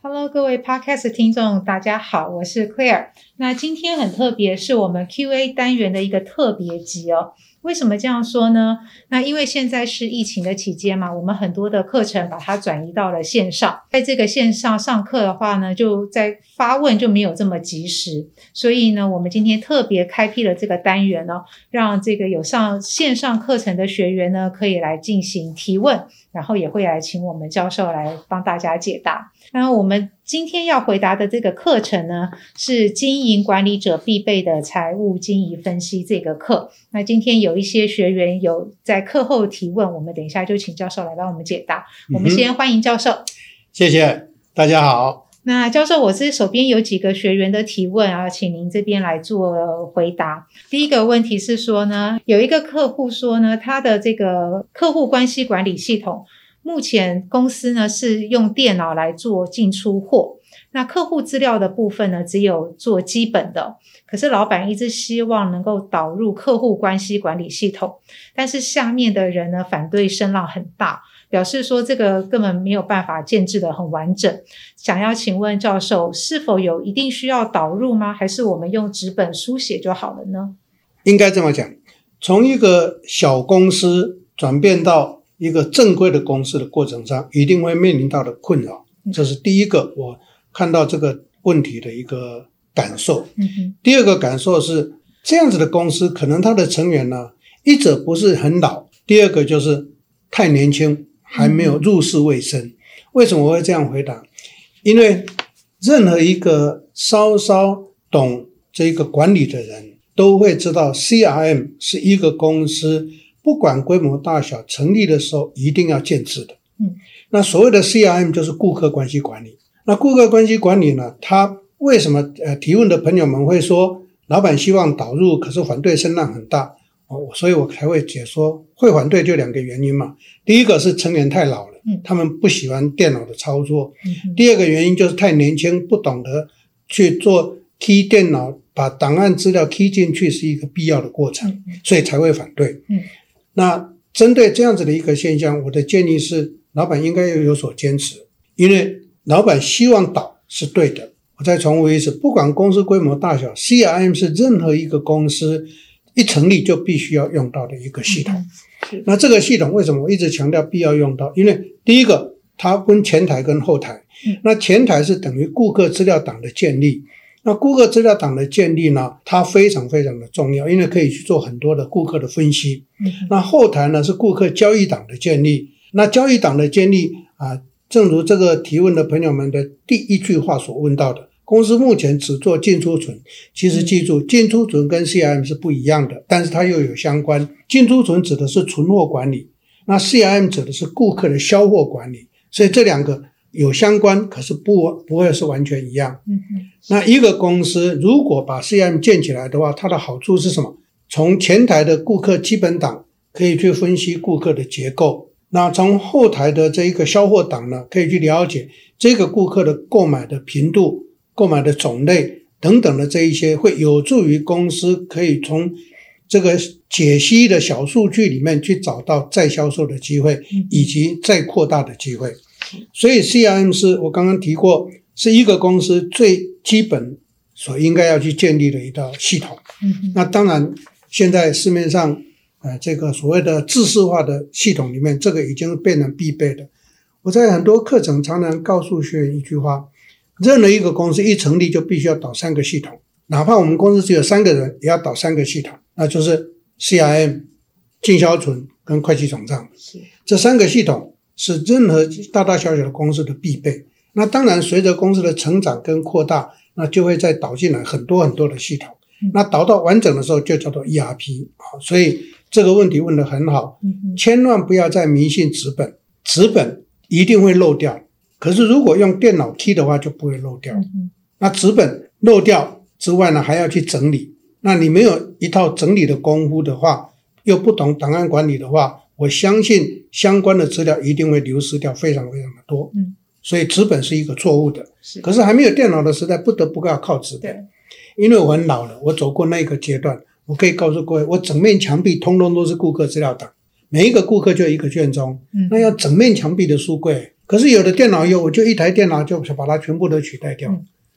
Hello，各位 Podcast 聽眾，大家好，我是 Claire。那今天很特別是我們 QA 單元的一個特別集哦。為什麼這樣說呢？那因為現在是疫情的期間嘛，我們很多的課程把它轉移到了線上，在這個線上上課的話呢，就在發問就沒有這麼及時，所以呢，我們今天特別開闢了這個單元呢，哦，讓這個有上線上課程的學員呢，可以來進行提問，然後也會來請我們教授來幫大家解答。那我們。今天要回答的這個課程呢，是經營管理者必備的財務經營分析這個課。那今天有一些學員有在課後提問，我們等一下就請教授來幫我們解答。嗯哼，我們先歡迎教授。謝謝，大家好。那教授，我是手邊有幾個學員的提問啊，請您這邊來做回答。第一個問題是說呢，有一個客戶說呢，他的這個客戶關係管理系統。目前公司呢是用電腦來做進出貨，那客戶資料的部分呢只有做基本的，可是老闆一直希望能夠導入客戶關係管理系統，但是下面的人呢反對聲浪很大，表示說這個根本沒有辦法建置得很完整。想要請問教授，是否有一定需要導入嗎？還是我們用紙本書寫就好了呢？應該這麼講，從一個小公司轉變到，一個正規的公司的過程上，一定會面臨到的困擾，這是第一個我看到這個問題的一個感受。第二個感受是，這樣子的公司可能它的成員呢，一者不是很老，第二個就是太年輕，還沒有入世未深。為什麼我會這樣回答？因為任何一個稍稍懂這個管理的人都會知道，CRM 是一個公司，不管規模大小，成立的時候一定要建置的。嗯，那所謂的 CRM 就是顧客關係管理。那顧客關係管理呢，他為什麼呃提問的朋友們會說，老板希望導入，可是反對聲浪很大哦？所以我才會解說會反對就兩個原因嘛。第一個是成員太老了，嗯，他們不喜歡電腦的操作。嗯，哼，第二個原因就是太年輕，不懂得去做 key 電腦，把檔案資料 key 進去是一個必要的過程，嗯，所以才會反對。嗯。那針對這樣子的一個現象，我的建議是，老闆應該要有所堅持，因為老闆希望導是對的。我再重複一次，不管公司規模大小，CRM 是任何一個公司一成立就必須要用到的一個系統。嗯、是，那這個系統為什麼我一直強調必要用到？因為第一個，它分前台跟後台，那前台是等於顧客資料檔的建立。那顧客資料檔的建立呢，它非常非常的重要，因為可以去做很多的顧客的分析。嗯，那後台呢，是顧客交易檔的建立。那交易檔的建立啊、呃，正如這個提問的朋友們的第一句話所問到的，公司目前只做進出存。其實記住，嗯、進出存跟 CRM 是不一樣的，但是它又有相關。進出存指的是存貨管理，那 CRM 指的是顧客的銷貨管理，所以這兩個。有相關，可是不不會是完全一樣。嗯嗯，那一個公司如果把 CRM 建起來的話，它的好處是什麼？從前台的顧客基本檔可以去分析顧客的結構，那從後台的這一個銷貨檔呢，可以去了解這個顧客的購買的頻度、購買的種類等等的這一些，會有助於公司可以從這個解析的小數據裡面去找到再銷售的機會，以及再擴大的機會。所以，CRM 是我剛剛提過，是一個公司最基本所應該要去建立的一套系統。嗯、哼那當然，現在市面上，呃，這個所謂的制式化的系統裡面，這個已經變成必備的。我在很多課程常常告訴學員一句話：任何一個公司一成立，就必須要導三個系統，哪怕我們公司只有三個人，也要導三個系統，那就是 CRM、進銷存跟會計總賬。是，這三個系統。是任何大大小小的公司的必備。那當然，隨着公司的成長跟擴大，那就會再導進來很多很多的系統。那導到完整的時候，就叫做 ERP 啊。所以這個問題問得很好，千萬不要再迷信紙本，紙本一定會漏掉。可是如果用電腦 key 的話，就不會漏掉。那紙本漏掉之外呢，還要去整理。那你沒有一套整理的功夫的話，又不懂檔案管理的話。我相信相關的資料一定會流失掉，非常非常的多。嗯，所以紙本是一個錯誤的。是，可是還沒有電腦的時代，不得不要靠紙本。對，因為我很老了，我走過那個階段，我可以告訴各位，我整面牆壁通通都是顧客資料檔，每一個顧客就一個卷宗，那要整面牆壁的書櫃。可是有了電腦以後，我就一台電腦就把它全部都取代掉。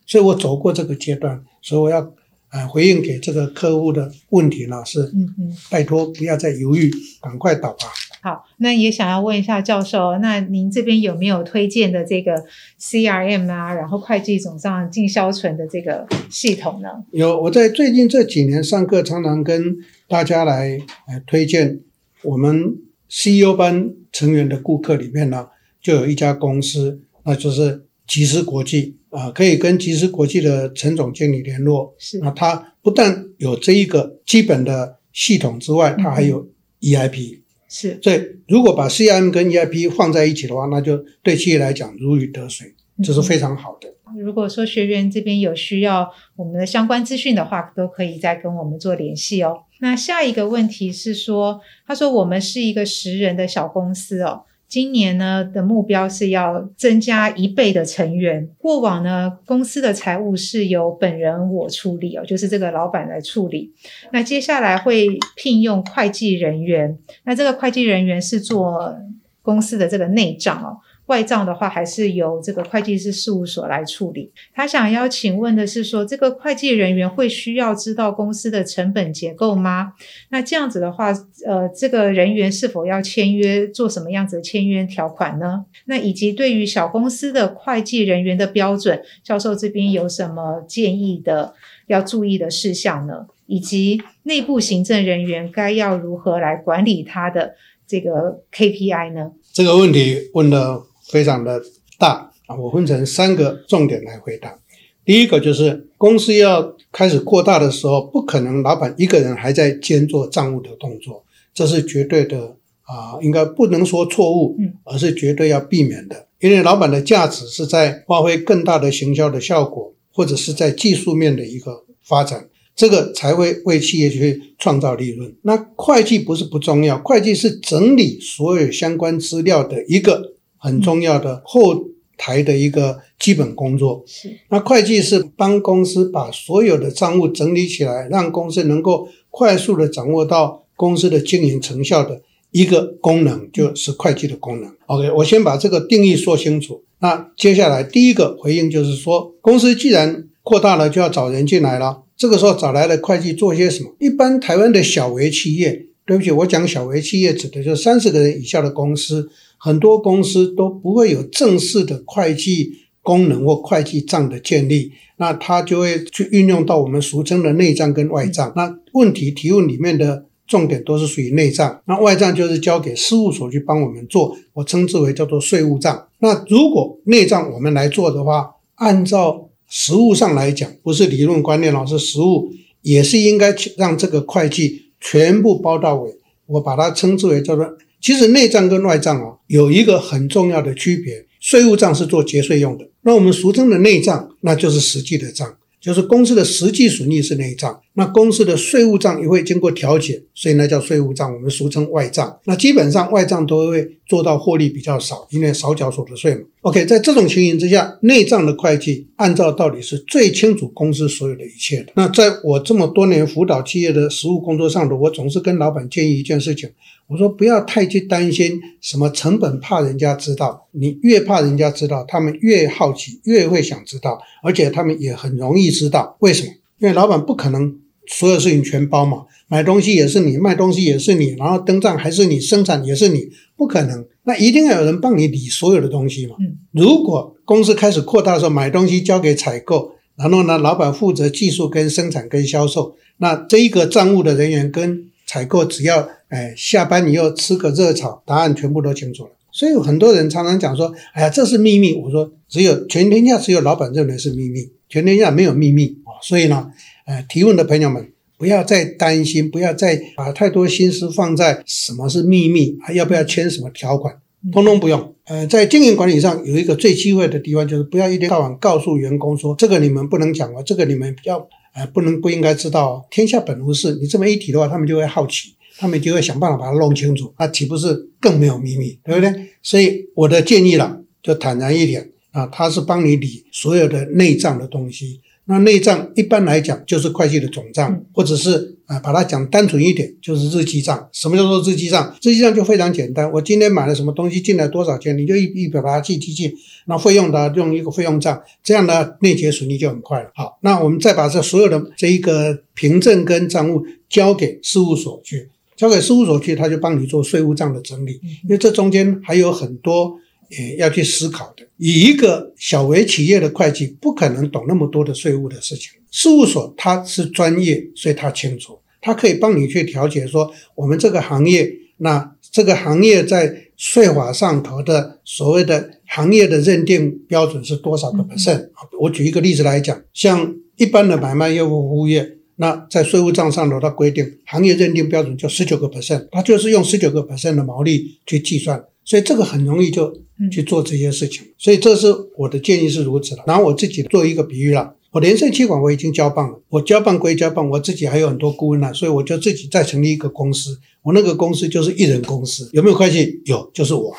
所以我走過這個階段，所以我要。.呃，回應給這個客戶的問題呢是，嗯嗯哼，拜託不要再猶豫，趕快導吧。好，那也想要問一下教授，那您這邊有沒有推薦的這個 CRM 啊，然後會計總賬、進銷存的這個系統呢？有，我在最近這幾年上課，常常跟大家來來、呃、推薦我們 CEO 班成員的顧客裡面呢，就有一家公司，那就是。集思國際啊、呃，可以跟集思國際的陳總經理聯絡。是。那他不但有這一個基本的系統之外，嗯、哼他還有 EIP。是，所以如果把 CRM 跟 EIP 放在一起的話，那就對企業來講如魚得水，這是非常好的、嗯。如果說學員這邊有需要我們的相關資訊的話，都可以再跟我們做聯繫哦。那下一個問題是說，他說我們是一個十人的小公司哦。今年呢的目標是要增加一倍的成員。過往呢，公司的財務是由本人我處理哦，就是這個老闆來處理。那接下來會聘用會計人員，那這個會計人員是做公司的這個內賬哦。外賬的話，還是由這個會計師事務所來處理。他想要請問的是說，說這個會計人員會需要知道公司的成本結構嗎？那這樣子的話，呃，這個人員是否要簽約？做什麼樣子的簽約條款呢？那以及對於小公司的會計人員的標準，教授這邊有什麼建議的、要注意的事項呢？以及內部行政人員該要如何來管理他的這個 KPI 呢？這個問題問的非常的大啊！我分成三個重點來回答。第一個就是，公司要開始擴大的時候，不可能老闆一個人還在兼做賬務的動作，這是絕對的啊，呃，應該不能說錯誤，嗯，而是絕對要避免的。因為老闆的價值是在發揮更大的行銷的效果，或者是在技術面的一個發展，這個才會為企業去創造利潤。那會計不是不重要，會計是整理所有相關資料的一個。很重要的後台的一個基本工作是，那會計是幫公司把所有的賬務整理起來，讓公司能夠快速的掌握到公司的經營成效的一個功能，就是會計的功能。OK，我先把這個定義說清楚。那接下來第一個回應就是說，公司既然擴大了，就要找人進來了。這個時候找來的會計做些什麼？一般台灣的小微企業，對不起，我講小微企業指的就是三十個人以下的公司。很多公司都不會有正式的會計功能或會計賬的建立，那它就會去運用到我們俗稱的內賬跟外賬。那問題提問裡面的重點都是屬於內賬，那外賬就是交給事務所去幫我們做。我稱之為叫做稅務賬。那如果內賬我們來做的話，按照實務上來講，不是理論觀念而是實務，也是應該去讓這個會計全部包到尾。我把它稱之為叫做。其實內賬跟外賬哦，有一個很重要的區別。稅務賬是做節稅用的，那我們俗稱的內賬，那就是實際的賬，就是公司的實際損益是內賬。那公司的稅務賬也會經過調節，所以那叫稅務賬，我們俗稱外賬。那基本上外賬都會做到獲利比較少，因為少繳所得稅嘛。OK，在這種情形之下，內賬的會計按照道理是最清楚公司所有的一切的。那在我這麼多年輔導企業的實務工作上頭，我總是跟老闆建議一件事情，我說不要太去擔心什麼成本，怕人家知道，你越怕人家知道，他們越好奇，越會想知道，而且他們也很容易知道。為什麼？因為老闆不可能。所有事情全包嘛，買東西也是你，賣東西也是你，然後登賬還是你，生產也是你，不可能。那一定要有人幫你理所有的東西嘛。嗯、如果公司開始擴大的時候，買東西交給採購，然後呢，老闆負責技術跟生產跟銷售，那這一個賬務的人員跟採購，只要哎下班你要吃個熱炒，答案全部都清楚了。所以有很多人常常講說，哎呀，這是秘密。我說，只有全天下只有老闆認為是秘密，全天下沒有秘密。所以呢，呃，提問的朋友們不要再擔心，不要再把太多心思放在什麼是秘密，還要不要簽什麼條款，通通不用。呃，在經營管理上有一個最忌諱的地方，就是不要一天到晚告訴員工說這個你們不能講啊，這個你們要呃不能不應該知道哦。天下本無事，你這麼一提的話，他們就會好奇，他們就會想辦法把它弄清楚，那，啊，豈不是更沒有秘密，對不對？所以我的建議了，就坦然一點啊，他是幫你理所有的內臟的東西。那內賬一般來講就是會計的總賬，或者是啊、呃，把它講單純一點，就是日記賬。什麼叫做日記賬？日記賬就非常簡單，我今天買了什麼東西，進來多少錢，你就一一筆把它記進去。那費用的用一個費用賬，這樣呢，內結損益就很快了。好，那我們再把這所有的這一個憑證跟賬務交給事務所去，交給事務所去，他就幫你做稅務賬的整理，因為這中間還有很多。也要去思考的。以一個小微企業的會計，不可能懂那麼多的稅務的事情。事務所他是專業，所以他清楚，他可以幫你去調節。說我們這個行業，那這個行業在稅法上頭的所謂的行業的認定標準是多少個 percent？、嗯嗯、我舉一個例子來講，像一般的買賣業務服務業，那在稅務賬上頭它規定，行業認定標準就十九個 percent，他就是用十九個 percent 的毛利去計算，所以這個很容易就。嗯、去做這些事情，所以這是我的建議是如此的。然後我自己做一個比喻了，我聯聖企管，我已經交棒了，我交棒歸交棒，我自己還有很多顧問呢，所以我就自己再成立一個公司，我那個公司就是一人公司，有沒有關係？有，就是我。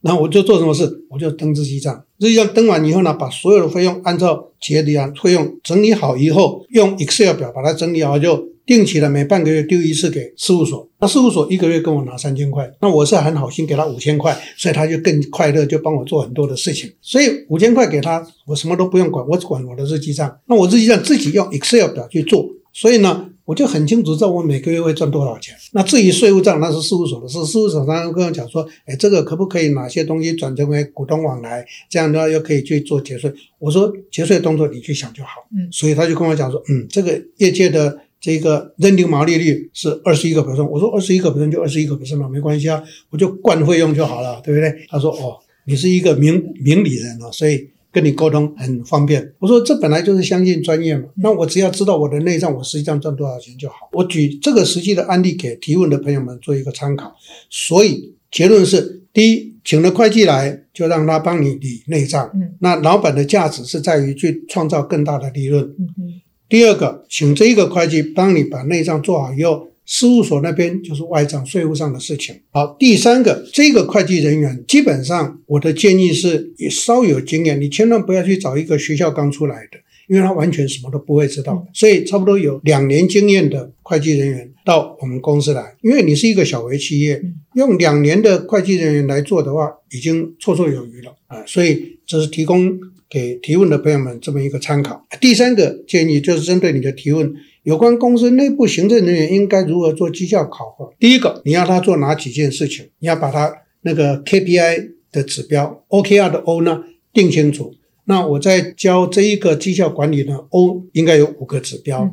然後我就做什麼事，我就登日記賬，日記賬登完以後呢，把所有的費用按照企業的啊費用整理好以後，用 Excel 表，把它整理好就。定期的每半個月丟一次給事務所，那事務所一個月跟我拿三千塊，那我是很好心給他五千塊，所以他就更快樂，就幫我做很多的事情。所以五千塊給他，我什麼都不用管，我只管我的日記賬。那我日記賬自己用 Excel 表去做，所以呢，我就很清楚知道我每個月會賺多少錢。那至於稅務賬，那是事務所的事。事務所當然跟我講說，哎，這個可不可以哪些東西轉成為股東往來，這樣的話又可以去做節稅。我說節稅的動作你去想就好。嗯，所以他就跟我講說，嗯，這個業界的。這個認定毛利率是二十一個百分，我說二十一個百分就二十一個百分嘛，沒關係啊，我就管費用就好了，對不對？他說哦，你是一個明明理人哦，所以跟你溝通很方便。我說這本來就是相信專業嘛，那我只要知道我的內賬，我實際上賺多少錢就好。我舉這個實際的案例給提問的朋友們做一個參考。所以結論是：第一，請了會計來，就讓他幫你理內賬。那老板的價值是在於去創造更大的利潤。嗯。第二個，請這個會計幫你把內賬做好以後，事務所那邊就是外賬、稅務上的事情。好，第三個，這個會計人員基本上，我的建議是，你稍有經驗，你千萬不要去找一個學校剛出來的，因為他完全什麼都不會知道。嗯、所以，差不多有兩年經驗的會計人員到我們公司來，因為你是一個小微企業，用兩年的會計人員來做的話，已經綽綽有餘了啊、呃。所以，這是提供給提問的朋友們這麼一個參考。第三個建議就是針對你的提問，有關公司內部行政人員應該如何做績效考核。第一個，你要他做哪幾件事情？你要把他那個 KPI 的指標、OKR 的 O 呢，定清楚。那我在教這一個績效管理呢，O 應該有五個指標。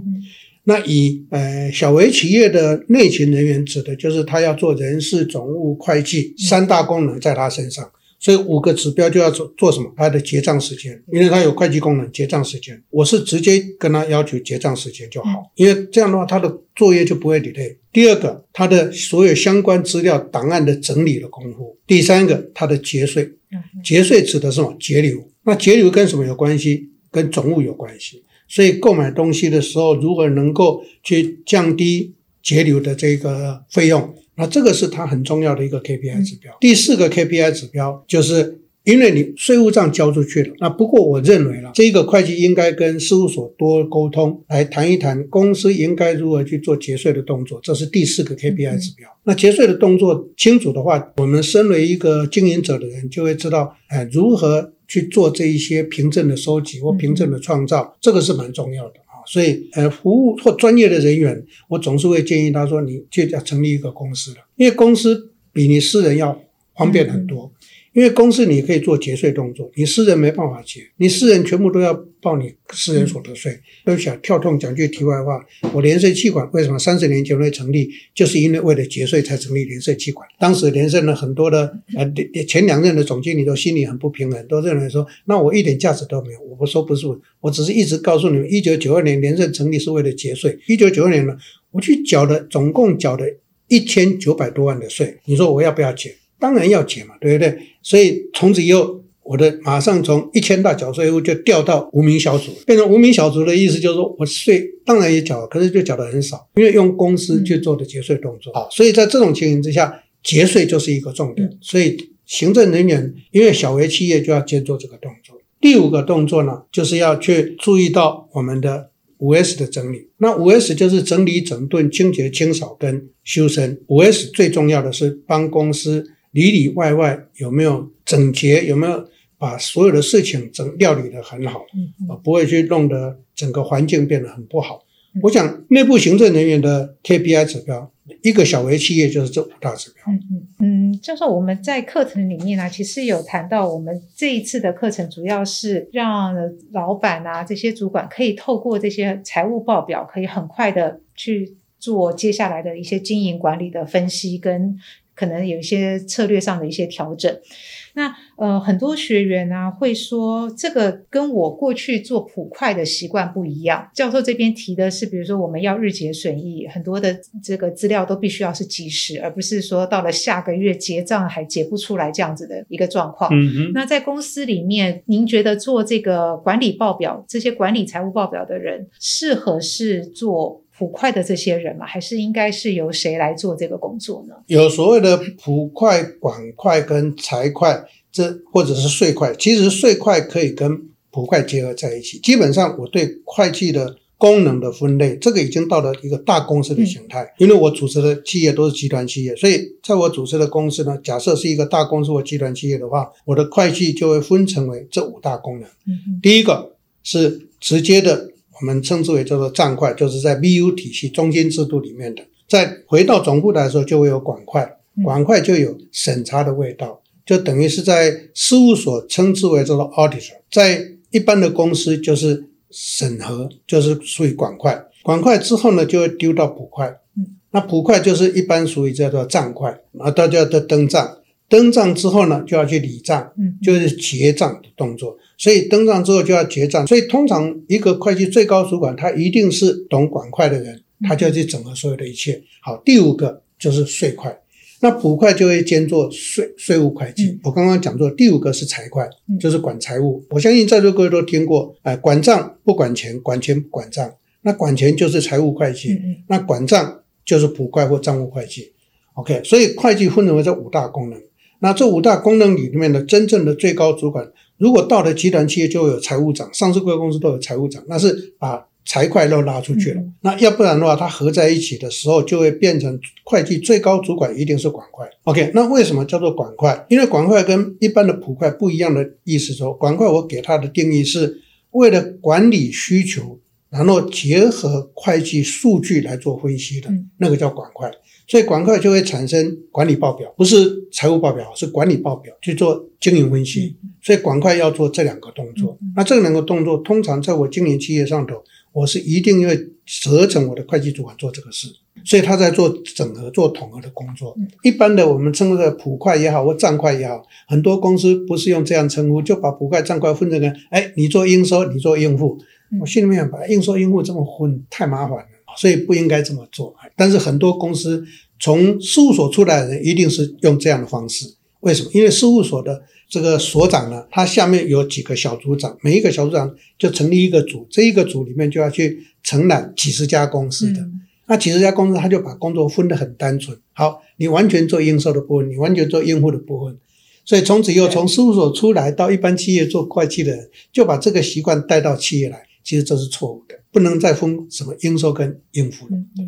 那以呃小微企業的內勤人員指的就是他要做人事、總務、會計三大功能在他身上。這五個指標就要做做什麼？它的結賬時間，因為它有會計功能，結賬時間，我是直接跟他要求結賬時間就好，因為這樣的話，他的作業就不會 delay。第二個，他的所有相關資料檔案的整理的功夫。第三個，他的節稅，節稅指的是什麼？節流。那節流跟什麼有關係？跟總務有關係。所以購買東西的時候，如何能夠去降低節流的這個費用？那這個是它很重要的一個 KPI 指標。第四個 KPI 指標就是，因為你稅務賬交出去了。那不過我認為了，這個會計應該跟事務所多溝通，來談一談公司應該如何去做節稅的動作。這是第四個 KPI 指標。那節稅的動作清楚的話，我們身為一個經營者的人就會知道，哎，如何去做這一些憑證的收集或憑證的創造，這個是蠻重要的。所以，呃，服務或專業的人員，我總是會建議他說：“你就要成立一個公司了，因為公司比你私人要方便很多。”嗯。因為公司你可以做節稅動作，你私人沒辦法節，你私人全部都要報你私人所得稅。都想跳痛講句題外話，我聯聖企管為什麼三十年前會成立？就是因為為了節稅才成立聯聖企管。當時聯聖了很多的呃，前兩任的總經理都心裡很不平衡，都認為說，那我一點價值都沒有。我不說不是我，我只是一直告訴你們，一九九二年聯聖成立是為了節稅。一九九二年呢，我去繳的總共繳的一千九百多萬的稅，你說我要不要節？當然要節嘛，對不對？所以從此以後，我的馬上從一千大繳稅戶就掉到無名小卒，變成無名小卒的意思就是說我稅當然也繳了，可是就繳得很少，因為用公司去做的節稅動作。好，所以在這種情形之下，節稅就是一個重點。所以行政人員因為小微企業就要先做這個動作。第五個動作呢，就是要去注意到我們的五 S 的整理。那五 S 就是整理、整頓、清潔、清掃跟修身。五 S 最重要的是幫公司。裡裡外外有沒有整潔？有沒有把所有的事情整料理得很好？嗯、不會去弄得整個環境變得很不好。嗯、我想內部行政人員的 KPI 指標，一個小微企業就是這五大指標。嗯嗯嗯，就是我們在課程裡面呢、啊，其實有談到，我們這一次的課程主要是讓老闆啊這些主管可以透過這些財務報表，可以很快的去做接下來的一些經營管理的分析跟。可能有一些策略上的一些調整，那呃，很多學員呢、啊、會說，這個跟我過去做普快的習慣不一樣。教授這邊提的是，比如說我們要日結損益，很多的這個資料都必須要是即時，而不是說到了下個月結賬還結不出來這樣子的一個狀況。嗯、哼那在公司裡面，您覺得做這個管理報表，這些管理財務報表的人，適合是做普快的這些人嘛，還是應該是由誰來做這個工作呢？有所謂的普快、管快跟財快，這或者是稅快。其實稅快可以跟普快結合在一起。基本上，我對會計的功能的分類，這個已經到了一個大公司的形態。嗯、因為我主持的企業都是集團企業，所以在我主持的公司呢，假設是一個大公司或集團企業的話，我的會計就會分成為這五大功能。嗯哼，第一個是直接的。我們稱之為叫做賬塊，就是在 BU 體系中間制度裡面的。在回到總部來說，就會有管塊，管塊就有審查的味道，就等於是在事務所稱之為叫做 auditor，在一般的公司就是審核，就是屬於管塊。管塊之後呢，就會丟到普塊，那普塊就是一般屬於叫做賬塊啊，大家都登賬，登賬之後呢，就要去理賬，就是結賬的動作。所以登賬之後就要結賬，所以通常一個會計最高主管，他一定是懂管會的人，他就要去整合所有的一切。好，第五個就是稅會，那普會就會兼做稅稅務會計。嗯、我剛剛講過，第五個是財會，嗯、就是管財務。我相信在座各位都聽過，哎，管賬不管錢，管錢不管賬，那管錢就是財務會計，那管賬就是普會或賬務會計。OK，所以會計分成為這五大功能。那這五大功能裡面的真正的最高主管。如果到了集團企業，就會有財務長，上市櫃公司都有財務長，那是把財會都拉出去了。嗯、那要不然的話，它合在一起的時候，就會變成會計最高主管一定是管會。OK，那為什麼叫做管會？因為管會跟一般的普會不一樣的意思說，管會我給他的定義是為了管理需求，然後結合會計數據來做分析的，那個叫管會，所以管會就會產生管理報表，不是財務報表，是管理報表，去做經營分析。所以管會要做這兩個動作。那這兩個動作，通常在我經營企業上頭，我是一定會責成我的會計主管做這個事。所以他在做整合、做統合的工作。嗯、一般的，我們稱的普快也好，或賬快也好，很多公司不是用這樣稱呼，就把普快賬快分這個。哎、欸，你做應收，你做應付。嗯、我心裡面想，把、欸、應收應付這麼混，太麻煩了，所以不應該這麼做。但是很多公司從事務所出來的人，一定是用這樣的方式。為什麼？因為事務所的這個所長呢，他下面有幾個小組長，每一個小組長就成立一個組，這一個組裡面就要去承攬幾十家公司的。嗯那幾十家公司，他就把工作分得很單純。好，你完全做應收的部分，你完全做應付的部分。所以從此以後，對從事務所出來到一般企業做會計的人，就把這個習慣帶到企業來。其實這是錯誤的，不能再分什麼應收跟應付了。對。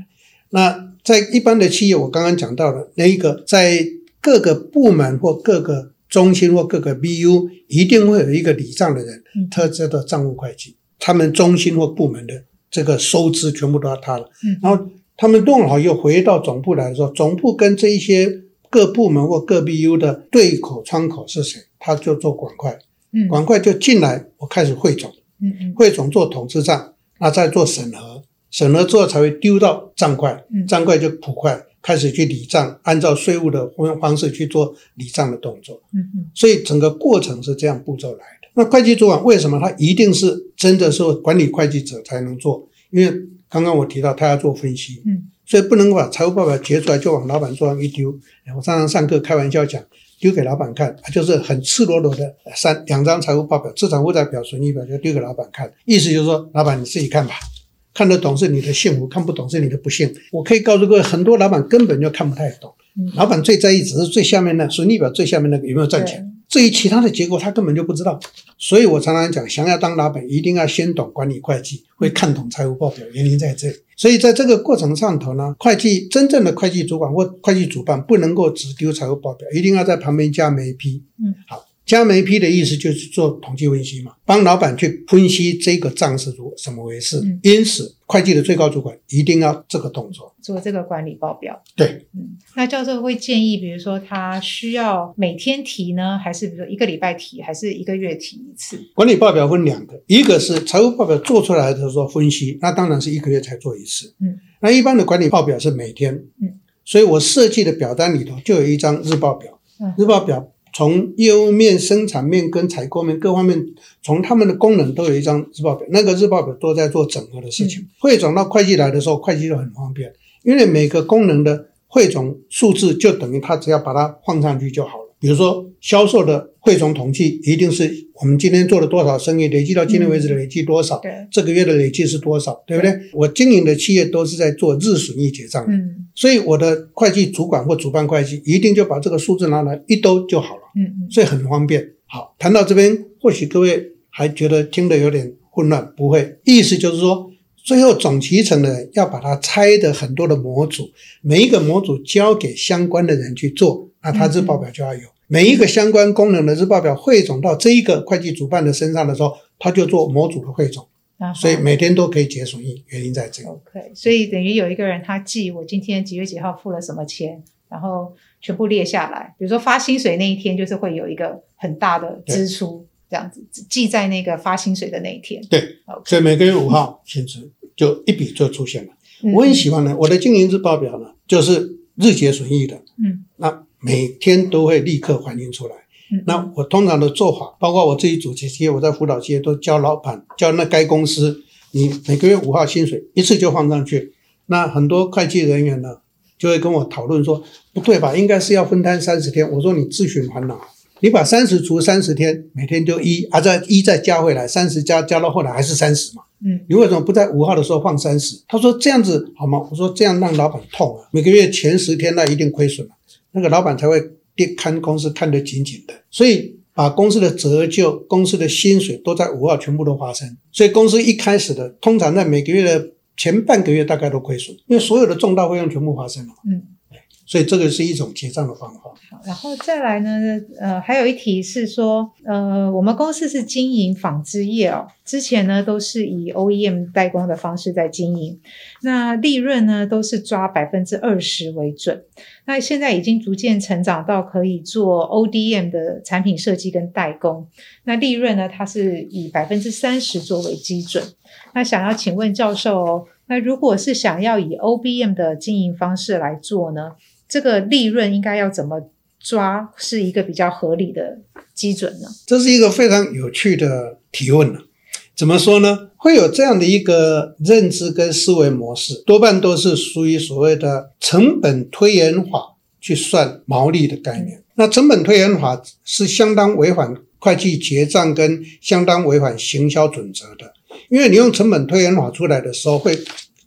那在一般的企業，我剛剛講到了，那一個，在各個部門或各個中心或各個 BU，一定會有一個理賬的人，特制的賬務會計。他們中心或部門的人。這個收支全部都要塌了。嗯，然後他們弄好又回到總部來說，總部跟這一些各部門或各 BU 的對口窗口是誰，他就做管塊，嗯，管塊就進來，我開始匯總，嗯，匯總做統制賬，那再做審核。審核之後才會丟到賬塊，嗯，賬塊就普塊開始去理賬，按照稅務的方方式去做理賬的動作，嗯，所以整個過程是這樣的步驟來的。那會計主管為什麼他一定是真的是管理會計者才能做？因為剛剛我提到他要做分析，嗯，所以不能把財務報表截出來就往老板桌上一丟。我常常上課開玩笑講，丟給老板看，他就是很赤裸裸的三兩張財務報表，資產負債表、損益表就丟給老板看，意思就是說，老板你自己看吧，看得懂是你的幸福，看不懂是你的不幸。我可以告訴各位，很多老板根本就看不太懂，嗯，老板最在意只是最下面的損益表最下面那個有沒有賺錢。至於其他的結果，他根本就不知道，所以我常常講，想要當老板，一定要先懂管理會計，會看懂財務報表，原因在這裡。所以在這個過程上頭呢，會計，真正的會計主管或會計主辦，不能夠只丟財務報表，一定要在旁邊加眉批。嗯，好。加沒批的意思就是做統計分析嘛，幫老板去分析這個賬是如什麼回事。嗯、因此，會計的最高主管一定要這個動作、嗯、做這個管理報表。對，嗯，那教授會建議，比如說他需要每天提呢，還是比如說一個禮拜提，還是一個月提一次？管理報表分兩個，一個是財務報表做出來的時候說分析，那當然是一個月才做一次。嗯，那一般的管理報表是每天。嗯，所以我設計的表單裡頭就有一張日報表。嗯，日報表。從業務面、生產面跟採購面各方面，從他們的功能都有一張日報表，那個日報表都在做整合的事情。嗯、匯總到會計來的時候，會計就很方便，因為每個功能的匯總數字就等於他只要把它放上去就好了。比如說銷售的匯總統計，一定是我們今天做了多少生意，累計到今天為止累計多少，嗯、這個月的累計是多少，對不對？我經營的企業都是在做日損益結賬的，嗯，所以我的會計主管或主辦會計一定就把這個數字拿來一兜就好了。嗯，嗯，所以很方便。好，談到這邊，或許各位還覺得聽得有點混亂，不會。意思就是說，最後總集成的要把它拆的很多的模組，每一個模組交給相關的人去做，那他日報表就要有嗯嗯每一個相關功能的日報表匯總到這一個會計主辦的身上的時候，他就做模組的匯總。啊後，所以每天都可以結損益，原因在這裡。OK，所以等於有一個人他記我今天幾月幾號付了什麼錢，然後。全部列下來，比如說發薪水那一天，就是會有一個很大的支出，這樣子記對在那個發薪水的那一天。對，okay, 所以每個月五號薪水就一筆就出現了。嗯、我很喜歡呢，我的經營日報表呢，就是日結損益的，嗯，那每天都會立刻反映出來。嗯、那我通常的做法，包括我自己主持企業，我在輔導企業都教老闆教，那該公司，你每個月五號薪水一次就放上去，那很多會計人員呢。就會跟我討論說不對吧？應該是要分攤三十天。我說你自尋煩惱，你把三十除三十天，每天就一啊，再一再加回來，三十加加到後來還是三十嘛。嗯，你為什麼不在五號的時候放三十？他說這樣子好嗎？我說這樣讓老板痛啊，每個月前十天那一定虧損了，那個老板才會看公司看得緊緊的，所以把公司的折舊、公司的薪水都在五號全部都發生，所以公司一開始的通常在每個月的。前半個月大概都虧損，因為所有的重大費用全部發生了。嗯。所以這個是一種結賬的方法。好，然後再來呢，呃，還有一題是說，呃，我們公司是經營紡織業哦，之前呢都是以 OEM 代工的方式在經營，那利潤呢都是抓百分之二十為準。那現在已經逐漸成長到可以做 ODM 的產品設計跟代工，那利潤呢它是以百分之三十作為基準。那想要請問教授哦，那如果是想要以 OBM 的經營方式來做呢？這個利潤應該要怎麼抓，是一個比較合理的基準呢？這是一個非常有趣的提問啊，怎麼說呢？會有這樣的一個認知跟思維模式，多半都是屬於所謂的成本推演法去算毛利的概念。嗯。那成本推演法是相當違反會計結賬跟相當違反行銷準則的，因為你用成本推演法出來的時候，會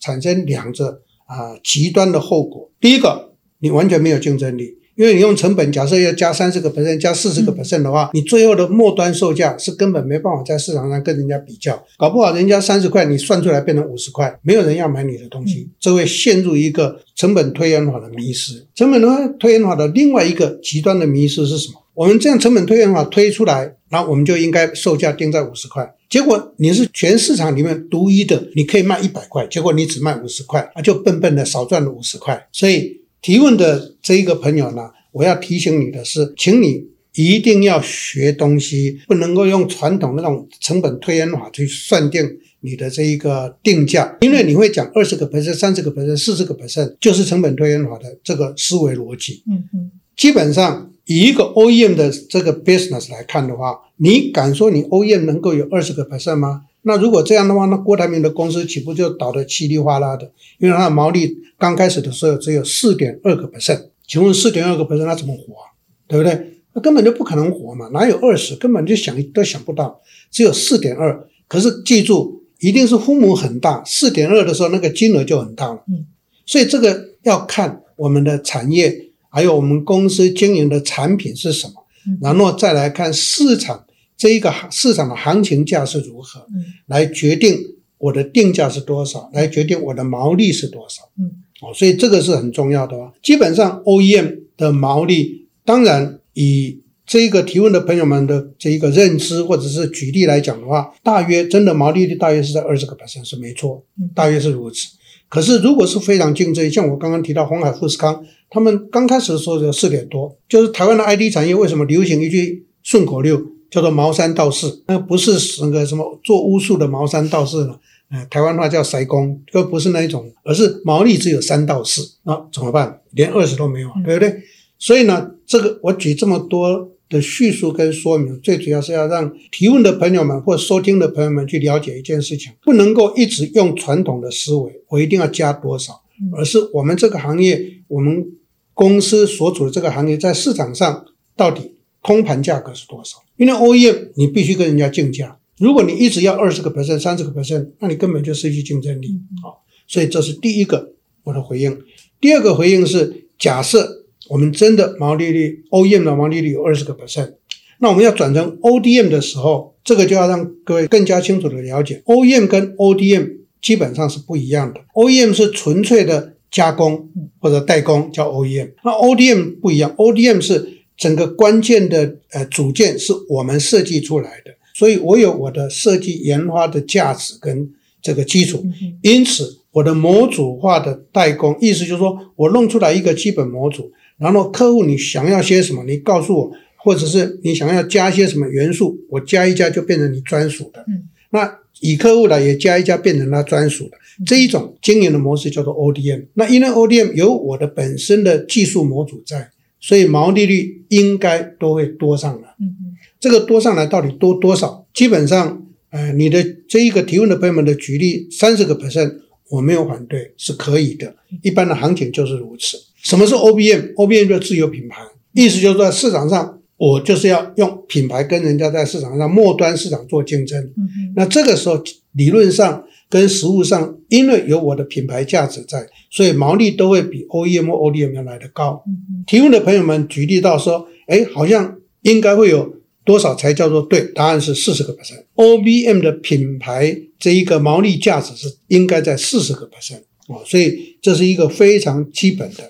產生兩個啊，呃，極端的後果。第一個。你完全沒有競爭力，因為你用成本假設要加三十個百分，加四十個百分的話，你最後的末端售價是根本沒辦法在市場上跟人家比較。搞不好人家三十塊，你算出來變成五十塊，沒有人要買你的東西，這會陷入一個成本推演法的迷失。成本的推演法的另外一個極端的迷失是什麼？我們這樣成本推演法推出來，那我們就應該售價定在五十塊。結果你是全市場裡面獨一的，你可以賣一百塊，結果你只賣五十塊，啊，就笨笨的少賺了五十塊，所以。提問的這一個朋友呢，我要提醒你的是，請你一定要學東西，不能夠用傳統的那種成本推演法去算定你的這一個定價，因為你會講二十個 percent 三十個 percent 四十個 percent 就是成本推演法的這個思維邏輯。嗯，基本上以一個 OEM 的這個 business 來看的話，你敢說你 OEM 能夠有二十個 percent 嗎？那如果這樣的話，那郭台銘的公司豈不就倒得稀里嘩啦的？因為他的毛利剛開始的時候只有四點二個百分點。請問四點二個百分點，他怎麼活啊？對不對？那根本就不可能活嘛，哪有二十？根本就想都想不到，只有四點二。可是記住，一定是規模很大，四點二的時候那個金額就很大了。嗯，所以這個要看我們的產業，還有我們公司經營的產品是什麼，然後再來看市場。這一個市場的行情價是如何，嗯，來決定我的定價是多少，來決定我的毛利是多少，嗯，哦，所以這個是很重要的啊。基本上 OEM 的毛利，當然以這一個提問的朋友們的這一個認知或者是舉例來講的話，大約真的毛利率大約是在二十個百分點是沒錯，大約是如此。可是如果是非常競爭，像我剛剛提到鴻海、富士康，他們剛開始說的四點多，就是台灣的 IT 產業為什麼流行一句順口溜，叫做茅山道士，那不是那個什麼做巫術的茅山道士呢，呃，台灣話叫篩工，可不是那一種，而是毛利只有三到四，啊，怎麼辦？連二十都沒有，對不對？嗯、所以呢，這個我舉這麼多的敘述跟說明，最主要是要讓提問的朋友們或收聽的朋友們去了解一件事情，不能夠一直用傳統的思維，我一定要加多少，而是我們這個行業，我們公司所處的這個行業在市場上到底空盤價格是多少？因為 OEM 你必須跟人家競價，如果你一直要二十個 PERCENT 三十個 PERCENT 那你根本就失去競爭力。好，所以這是第一個我的回應。第二個回應是，假設我們真的毛利率 OEM 的毛利率有二十個 PERCENT 那我們要轉成 ODM 的時候，這個就要讓各位更加清楚的了解 OEM 跟 ODM 基本上是不一樣的。OEM 是純粹的加工或者代工叫 OEM，那 ODM 不一樣 ODM 是。整個關鍵的呃組件是我們設計出來的，所以我有我的設計研發的價值跟這個基礎，因此我的模組化的代工，意思就是說我弄出來一個基本模組，然後客戶你想要些什麼，你告訴我，或者是你想要加些什麼元素，我加一加就變成你專屬的。嗯，那以客戶來也加一加變成他專屬的，這一種經營的模式叫做 ODM。那因為 ODM 有我的本身的技術模組在。所以毛利率應該都會多上來，嗯嗯，這個多上來到底多多少？基本上，呃，你的這一個提問的朋友們的舉例30，三十個 percent，我沒有反對，是可以的。一般的行情就是如此。什麼是 OBM？OBM 就是自有品牌，意思就是在市場上，我就是要用品牌跟人家在市場上末端市場做競爭。嗯嗯，那這個時候理論上。跟實務上，因為有我的品牌價值在，所以毛利都會比 O E M O D M 要來得高。提問的朋友們舉例到說，哎，好像應該會有多少才叫做對？答案是四十個 percent。O B M 的品牌這一個毛利價值是應該在四十個 percent。啊，所以這是一個非常基本的。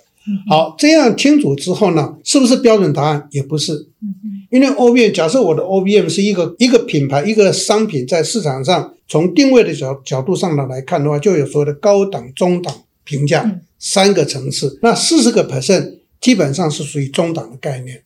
好，這樣清楚之後呢，是不是標準答案？也不是。因為 OBM，假設我的 OBM 是一個一個品牌一個商品在市場上，從定位的角角度上呢來看的話，就有所謂的高檔、中檔、平價三個層次。那四十個 percent 基本上是屬於中檔的概念，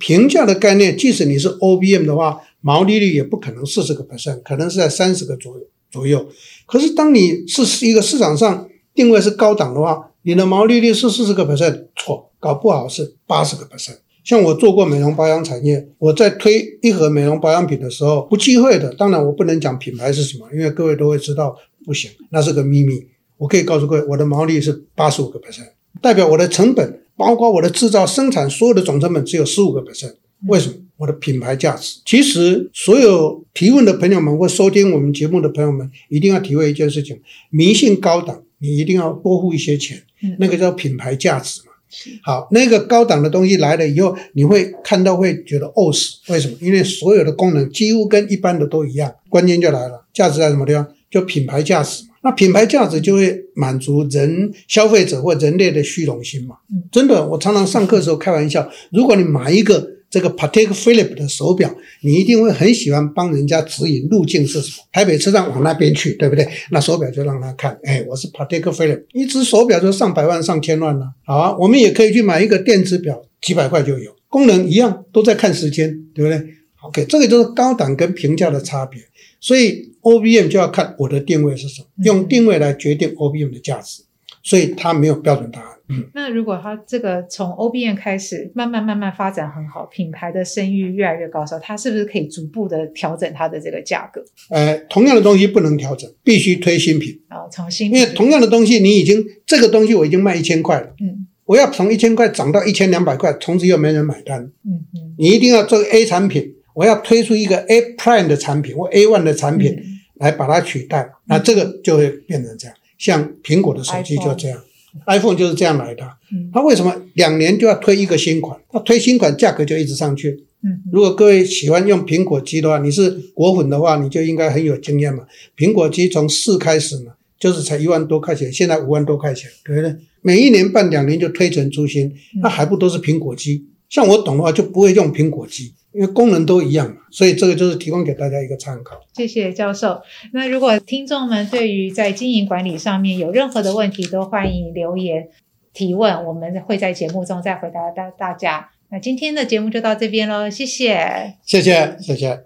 平價的概念，即使你是 OBM 的話，毛利率也不可能四十個 percent，可能是在三十個左左右。可是當你是一個市場上定位是高檔的話，你的毛利率是四十個 percent，錯，搞不好是八十個 percent。像我做過美容保養產業，我在推一盒美容保養品的時候，不忌諱的。當然，我不能講品牌是什麼，因為各位都會知道，不行，那是個秘密。我可以告訴各位，我的毛利是八十五個 percent。代表我的成本，包括我的製造、生產所有的總成本只有十五個 percent。為什麼？嗯、我的品牌價值。其實，所有提問的朋友們或收聽我們節目的朋友們，一定要體會一件事情：迷信高檔，你一定要多付一些錢，那個叫品牌價值嘛。嗯好，那個高檔的東西來了以後，你會看到會覺得傲死。為什麼？因為所有的功能幾乎跟一般的都一樣，關鍵就來了，價值在什麼地方？就品牌價值嘛。那品牌價值就會滿足人、消費者或人類的虛榮心嘛。真的，我常常上課的時候開玩笑，如果你買一個。這個 Patek Philippe 的手錶，你一定會很喜歡幫人家指引路徑是什麼，是台北車站往那邊去，對不對？那手錶就讓他看，哎，我是 Patek Philippe，一只手錶就上百萬、上千萬了、啊，好啊。我們也可以去買一個電子錶，幾百塊就有，功能一樣，都在看時間，對不對？OK，這個就是高檔跟平價的差別，所以 OBM 就要看我的定位是什麼，用定位來決定 OBM 的價值，所以它沒有標準答案。嗯、那如果它這個從 OBM 開始慢慢慢慢發展很好，品牌的聲譽越來越高時候，它是不是可以逐步的調整它的這個價格？呃，同樣的東西不能調整，必須推新品啊。哦，從新品。因為同樣的東西，你已經這個東西我已經賣一千塊了，嗯，我要從一千塊漲到一千兩百塊，從此又沒人買單，嗯嗯哼，你一定要做 A 產品，我要推出一個 A Prime 的產品，我 A One 的產品來把它取代，嗯、那這個就會變成這樣，像蘋果的手機就這樣。iPhone 就是這樣來的，它為什麼兩年就要推一個新款？它推新款價格就一直上去。嗯，如果各位喜歡用蘋果機的話，你是果粉的話，你就應該很有經驗嘛。蘋果機從四開始嘛，就是才一萬多塊錢，現在五萬多塊錢，對不對？每一年半兩年就推陳出新，那還不都是蘋果機？像我懂的話，就不會用蘋果機，因為功能都一樣嘛，所以這個就是提供給大家一個參考。謝謝教授。那如果聽眾們對於在經營管理上面有任何的問題，都歡迎留言提問，我們會在節目中再回答大大家。那今天的節目就到這邊嘍，謝謝，謝謝，謝謝，謝謝。